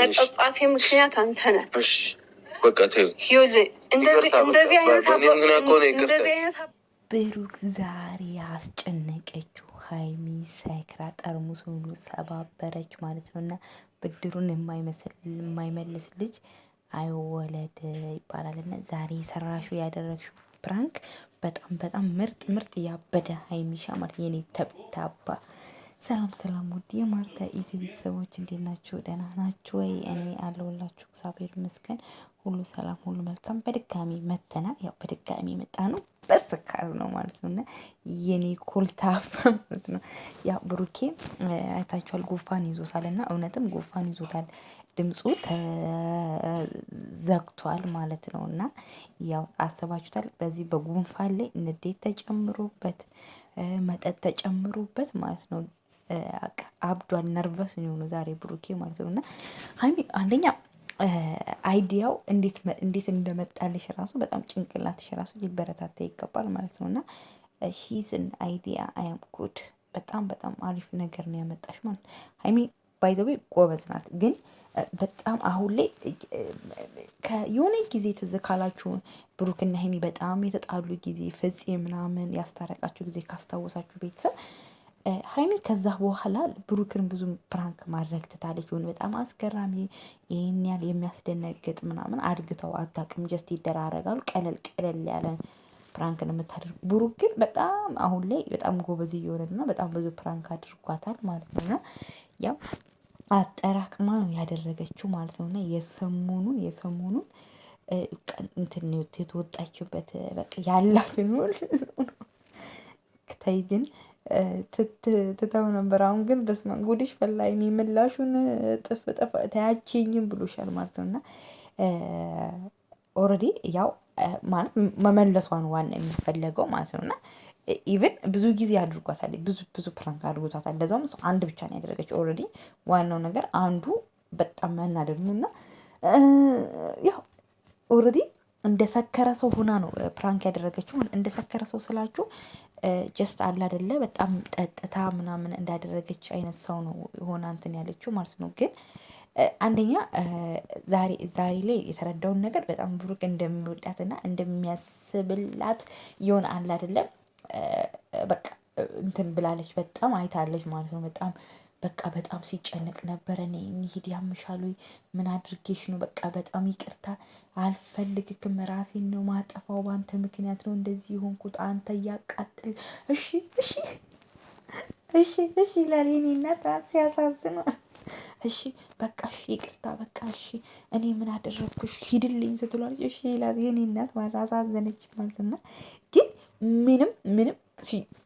መጠጣቴ ምክንያት አንተ ነህ። ብሩክ ዛሬ አስጨነቀችው። ሀይሚ ሰክራ ጠርሙስ ሁሉ ሰባበረች ማለት ነው። እና ብድሩን የማይመልስ ልጅ አይወለድ ይባላል። እና ዛሬ የሰራሹ ያደረግሽው ፕራንክ በጣም በጣም ምርጥ ምርጥ ያበደ ሀይሚሻ ማለት የኔ ተብታባ ሰላም ሰላም ውድ የማርታ ኢትዮ ቤተሰቦች እንዴት ናችሁ? ደህና ናችሁ ወይ? እኔ አለሁላችሁ። እግዚአብሔር ይመስገን፣ ሁሉ ሰላም፣ ሁሉ መልካም። በድጋሚ መተና ያው በድጋሚ መጣ ነው በስካር ነው ማለት ነው። እና የኔ ኮልታፍ ማለት ነው። ያው ብሩኬ አይታችኋል፣ ጉንፋን ይዞታል እና እውነትም ጉንፋን ይዞታል፣ ድምፁ ተዘግቷል ማለት ነው። እና ያው አሰባችሁታል፣ በዚህ በጉንፋን ላይ ንዴት ተጨምሮበት መጠጥ ተጨምሮበት ማለት ነው አብዷል። ነርቨስ የሆነ ዛሬ ብሩኬ ማለት ነው እና ሀይሚ አንደኛ አይዲያው እንዴት እንደመጣልሽ ራሱ በጣም ጭንቅላትሽ ራሱ ሊበረታታ ይገባል ማለት ነው እና ሂዝን አይዲያ አያም ጉድ በጣም በጣም አሪፍ ነገር ነው ያመጣሽ ማለት ነው። ሀይሚ ባይዘዌ ጎበዝ ናት፣ ግን በጣም አሁን ላይ የሆነ ጊዜ ትዝ ካላችሁ ብሩክና ሀይሚ በጣም የተጣሉ ጊዜ ፍጽ ምናምን ያስታረቃችሁ ጊዜ ካስታወሳችሁ ቤተሰብ ሀይሚ ከዛ በኋላ ብሩክን ብዙ ፕራንክ ማድረግ ትታለች። ሆን በጣም አስገራሚ ይህን ያህል የሚያስደነግጥ ምናምን አድግተው አታውቅም። ጀስት ይደራረጋሉ። ቀለል ቀለል ያለ ፕራንክ ነው የምታደርግ። ብሩክ ግን በጣም አሁን ላይ በጣም ጎበዝ እየሆነና በጣም ብዙ ፕራንክ አድርጓታል ማለት ነው ነውና ያው አጠራቅማ ነው ያደረገችው ማለት ነው ነውና የሰሞኑን የሰሞኑን እንትን የተወጣችበት በቃ ያላትን ሆን ተይ ግን ትተው ነበር። አሁን ግን በስመ አብ ጉድሽ ፈላ የምላሹን ጥፍ ጥፍ ተያችኝም ብሎሻል ማለት ነው። እና ኦልሬዲ ያው ማለት መመለሷን ዋና የሚፈለገው ማለት ነው እና ኢቨን ብዙ ጊዜ አድርጓታል። ብዙ ብዙ ፕራንክ አድርጎታታል። ለዛውም እሱ አንድ ብቻ ነው ያደረገች። ኦልሬዲ ዋናው ነገር አንዱ በጣም መናደድ ነው እና ያው ኦልሬዲ እንደሰከረ ሰው ሆና ነው ፕራንክ ያደረገችው። እንደሰከረ ሰው ስላችሁ ጀስት አለ አደለ በጣም ጠጥታ ምናምን እንዳደረገች አይነት ሰው ነው የሆነ እንትን ያለችው ማለት ነው። ግን አንደኛ ዛሬ ዛሬ ላይ የተረዳውን ነገር በጣም ብሩክ እንደሚወዳትና እንደሚያስብላት የሆነ አለ አይደለም በቃ እንትን ብላለች። በጣም አይታለች ማለት ነው። በጣም በቃ በጣም ሲጨነቅ ነበረ። እኔ እንሂድ ያምሻሉ ምን አድርጌሽ ነው? በቃ በጣም ይቅርታ አልፈልግክም፣ ራሴን ነው ማጠፋው፣ በአንተ ምክንያት ነው እንደዚህ የሆንኩት፣ አንተ እያቃጥል እሺ፣ እሺ፣ እሺ፣ እሺ እሺ እሺ እሺ ይላል። የኔ እናት ሲያሳዝኑ። እሺ በቃ እሺ ይቅርታ በቃ እሺ እኔ ምን አደረግኩሽ? ሂድልኝ ስትሏል እሺ ይላል። የኔ እናት አሳዘነች ማለት ና ግን ምንም ምንም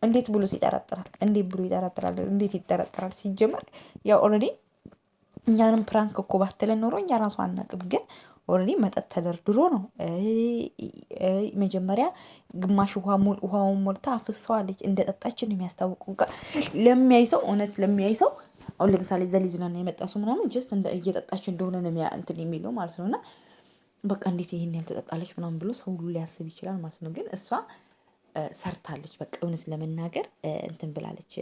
እንዴት ብሎ ይጠረጥራል? እንዴት ብሎ ይጠረጥራል? እንዴት ይጠረጥራል? ሲጀመር ያው ኦልሬዲ እኛንም ፕራንክ እኮ ባትለን ኖሮ እኛ ራሱ አናቅም። ግን ኦልሬዲ መጠጥ ተደርድሮ ነው መጀመሪያ ግማሽ ውሃ ሙል ውሃውን ሞልታ አፍሰዋለች። እንደ ጠጣችን የሚያስታውቁ ለሚያይ ሰው እውነት ለሚያይ ሰው አሁን ለምሳሌ እዛ ዘሊዝናና የመጣ ሰው ምናምን ጀስት እየጠጣች እንደሆነ ነው እንትን የሚለው ማለት ነው። እና በቃ እንዴት ይህን ያልተጠጣለች ምናምን ብሎ ሰው ሁሉ ሊያስብ ይችላል ማለት ነው። ግን እሷ ሰርታለች። በቃ እውነት ለመናገር እንትን ብላለች።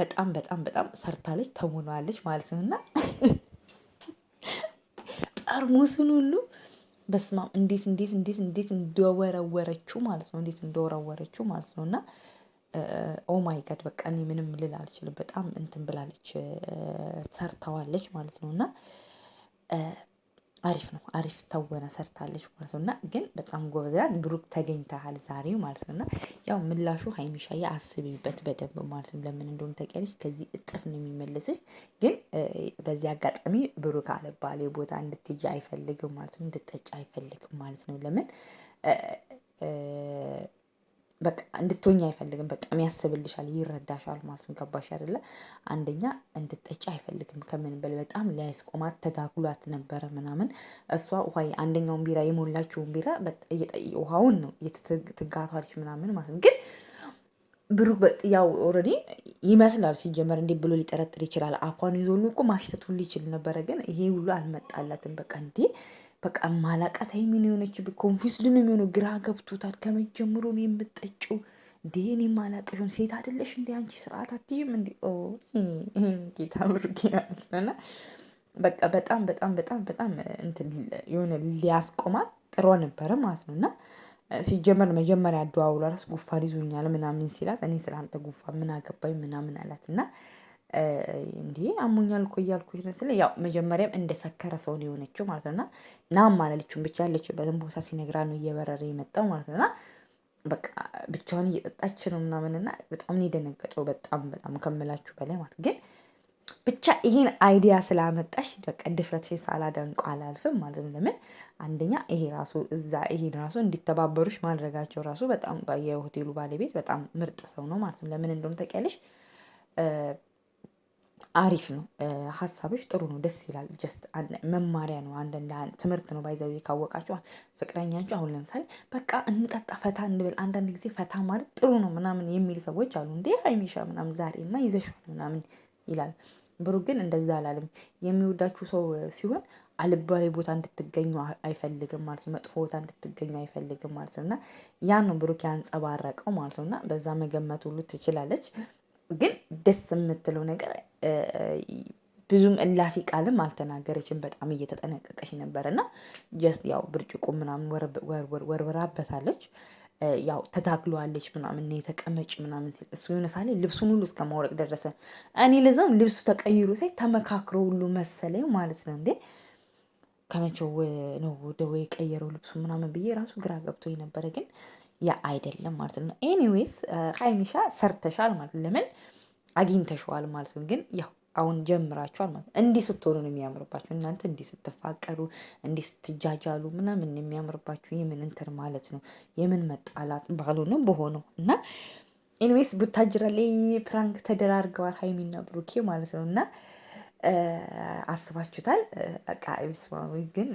በጣም በጣም በጣም ሰርታለች፣ ተሞናለች ማለት ነው እና ጠርሙሱን ሁሉ በስማም እንዴት እንዴት እንዴት እንዴት እንደወረወረችው ማለት ነው። እንዴት እንደወረወረችው ማለት ነው እና ማይ ጋድ በቃ እኔ ምንም ልል አልችልም። በጣም እንትን ብላለች፣ ሰርተዋለች ማለት ነው እና አሪፍ ነው። አሪፍ ተወነ ሰርታለች ማለት ነው። እና ግን በጣም ጎበዝ ብሩክ ተገኝተሃል ዛሬ ማለት ነው። እና ያው ምላሹ ሀይሚሻዬ አስቢበት በደንብ ማለት ነው። ለምን እንደሆነ ተቀያለች። ከዚህ እጥፍ ነው የሚመልስሽ። ግን በዚህ አጋጣሚ ብሩክ አለባሌ ቦታ እንድትሄጂ አይፈልግም ማለት ነው። እንድትጠጪ አይፈልግም ማለት ነው። ለምን በቃ እንድትሆኝ አይፈልግም። በጣም ያስብልሻል፣ ይረዳሻል ማለት ነው። ገባሽ አይደለ? አንደኛ እንድትጠጪ አይፈልግም። ከምን በል በጣም ሊያስቆማት ተታክሏት ነበረ ምናምን። እሷ ውሃ አንደኛውን ቢራ የሞላችውን ቢራ ውሃውን ነው ትጋቷለች ምናምን ማለት ነው። ግን ብሩክ ያው ኦልሬዲ ይመስላል ሲጀመር፣ እንዴ ብሎ ሊጠረጥር ይችላል። አፏን ይዞሉ እኮ ማሽተት ሁሉ ይችል ነበረ። ግን ይሄ ሁሉ አልመጣላትም። በቃ እንዴ በቃ ማላቃት ሀይሚን የሆነች ኮንፊውስድ ነው የሚሆነው። ግራ ገብቶታል። ከመጀምሮ ነው የምጠጩ እንዴ እኔ ማላቀሽን ሴት አደለሽ እንዲ አንቺ ስርዓት አትይም እንዲ ጌታ ብርጌ ማለት በቃ በጣም በጣም በጣም በጣም እንትን የሆነ ሊያስቆማል ጥሯ ነበረ ማለት ነው እና ሲጀመር መጀመሪያ አደዋውሏ ራስ ጉፋን ይዞኛል ምናምን ሲላት እኔ ስለ አንተ ጉፋን ምን አገባኝ ምናምን አላት እና እንዲህ አሞኛል እኮ እያልኩሽ ነው ስለ ያው መጀመሪያም እንደሰከረ ሰው ሊሆነችው ማለት ነውና ናም አላለችውም። ብቻ ያለችበትን ቦታ ሲነግራ ነው እየበረረ የመጣው ማለት ነውና በቃ ብቻውን እየጠጣች ነው ምናምንና በጣም ነው የደነገጠው። በጣም በጣም ከምላችሁ በላይ ማለት ግን ብቻ ይህን አይዲያ ስላመጣሽ በቃ ድፍረትሽን ሳላደንቀው አላልፍም ማለት ነው። ለምን አንደኛ ይሄ ራሱ እዛ ይሄን ራሱ እንዲተባበሩሽ ማድረጋቸው ራሱ በጣም የሆቴሉ ባለቤት በጣም ምርጥ ሰው ነው ማለት ነው። ለምን እንደውም ታውቂያለሽ አሪፍ ነው። ሀሳብሽ ጥሩ ነው፣ ደስ ይላል። ጀስት መማሪያ ነው፣ አንዳንድ ትምህርት ነው። ባይዘው ካወቃችሁ ፍቅረኛችሁ አሁን ለምሳሌ በቃ እንጠጣ፣ ፈታ እንብል። አንዳንድ ጊዜ ፈታ ማለት ጥሩ ነው ምናምን የሚል ሰዎች አሉ። እንዴ ሀይሚሻ ምናምን ዛሬማ ይዘሽ ምናምን ይላል። ብሩ ግን እንደዛ አላለም። የሚወዳችሁ ሰው ሲሆን አልባሌ ቦታ እንድትገኙ አይፈልግም ማለት ነው። መጥፎ ቦታ እንድትገኙ አይፈልግም ማለት ነው። እና ያን ነው ብሩክ ያንጸባረቀው ማለት ነው። እና በዛ መገመት ሁሉ ትችላለች። ግን ደስ የምትለው ነገር ብዙም እላፊ ቃልም አልተናገረችም። በጣም እየተጠነቀቀች ነበር እና ያው ብርጭቆ ምናምን ወርወራበታለች። ያው ተታግሏለች ምናምን የተቀመጭ ምናምን ሲል እሱ የሆነ ሳሌ ልብሱን ሁሉ እስከ ማውረቅ ደረሰ። እኔ ለዛም ልብሱ ተቀይሮ ሳይ ተመካክሮ ሁሉ መሰለኝ ማለት ነው እንዴ ከመቼው ነው ደወ የቀየረው ልብሱ ምናምን ብዬ ራሱ ግራ ገብቶ ነበረ ግን ያ አይደለም ማለት ነው። ኤኒዌይስ ሀይሚሻ ሰርተሻል ማለት ነው። ለምን አግኝተሸዋል ማለት ነው። ግን ያው አሁን ጀምራችኋል ማለት ነው። እንዲህ ስትሆኑ ነው የሚያምርባችሁ እናንተ እንዲህ ስትፋቀሩ፣ እንዲህ ስትጃጃሉ ምናምን የሚያምርባችሁ የምን እንትን ማለት ነው። የምን መጣላት ባልሆነ በሆነው እና ኤኒዌይስ ቡታጅራ ላይ ፕራንክ ተደራርገዋል ሀይሚና ብሩኬ ማለት ነው እና አስባችሁታል? በቃ ስማዊ ግን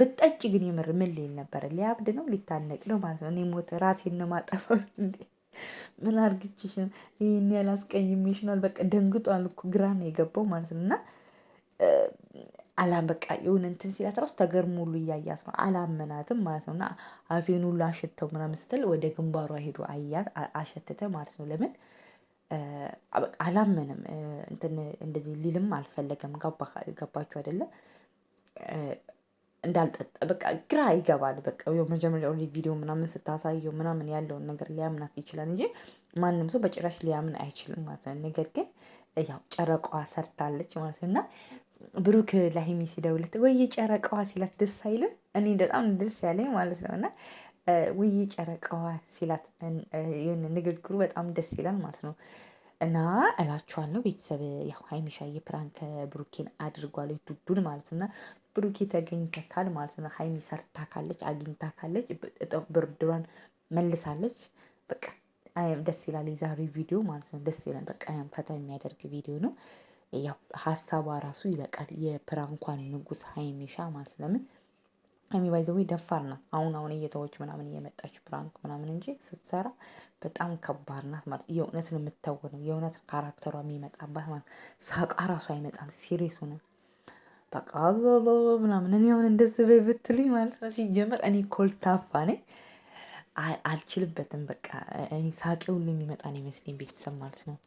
ብጠጭ ግን የምር ምን ሊል ነበረ? ሊያብድ ነው ሊታነቅ ነው ማለት ነው። እኔ ሞት ራሴን ነው ማጠፋው እንዴ? ምን አርግችሽ ይህን ያላስቀይሜሽ ነው? በቃ ደንግጧል እኮ ግራ ነው የገባው ማለት ነው። እና አላም በቃ የሆነ እንትን ሲላት ራሱ ተገርሞ ሁሉ እያያት ነው አላመናትም ማለት ነው። እና አፌን ሁሉ አሸተው ምናምን ስትል ወደ ግንባሯ ሄዶ አያት አሸትተ ማለት ነው። ለምን አላመንም እንትን እንደዚህ ሊልም አልፈለገም። ገባችሁ አይደለ? እንዳልጠጣ በቃ ግራ ይገባል። በቃ መጀመሪያ ቪዲዮ ምናምን ስታሳየው ምናምን ያለውን ነገር ሊያምናት ይችላል እንጂ ማንም ሰው በጭራሽ ሊያምን አይችልም ማለት ነው። ነገር ግን ያው ጨረቋ ሰርታለች ማለት ነው እና ብሩክ ለሀይሚ ሲደውልለት ወይ ጨረቃዋ ሲላት ደስ አይልም? እኔ በጣም ደስ ያለኝ ማለት ነው እና ውይ ጨረቃዋ ሲላት ይህን ንግግሩ በጣም ደስ ይላል ማለት ነው። እና እላችኋለሁ ቤተሰብ ያው ሀይሚሻዬ ፕራንክ ብሩኬን አድርጓል ዱዱን ማለት ነው። እና ብሩኬ ተገኝተካል ማለት ነው። ሀይሚ ሰርታ ካለች አግኝታ ካለች ብርድሯን መልሳለች። በቃ ደስ ይላል የዛሬው ቪዲዮ ማለት ነው። ደስ ይላል በቃ ያም ፈታ የሚያደርግ ቪዲዮ ነው። ያው ሀሳቧ ራሱ ይበቃል። የፕራንኳን ንጉስ ሀይሚሻ ማለት ለምን ሀይሚ ባይዘዌ ደፋር ናት። አሁን አሁን እየተዎች ምናምን እየመጣች ፕራንክ ምናምን እንጂ ስትሰራ በጣም ከባድ ናት ማለት የእውነትን የምታወቅ ነው። የእውነት ካራክተሯ የሚመጣባት ማለት ሳቃ ራሱ አይመጣም። ሲሪየስ ሆነ በቃ ምናምን እኔ አሁን እንደዚህ በይ ብትሉኝ ማለት ነው። ሲጀመር እኔ ኮልታፋ ነኝ፣ አልችልበትም። በቃ እኔ ሳቄ ሁሉ የሚመጣ ነው ይመስለኝ ቤተሰብ ማለት ነው።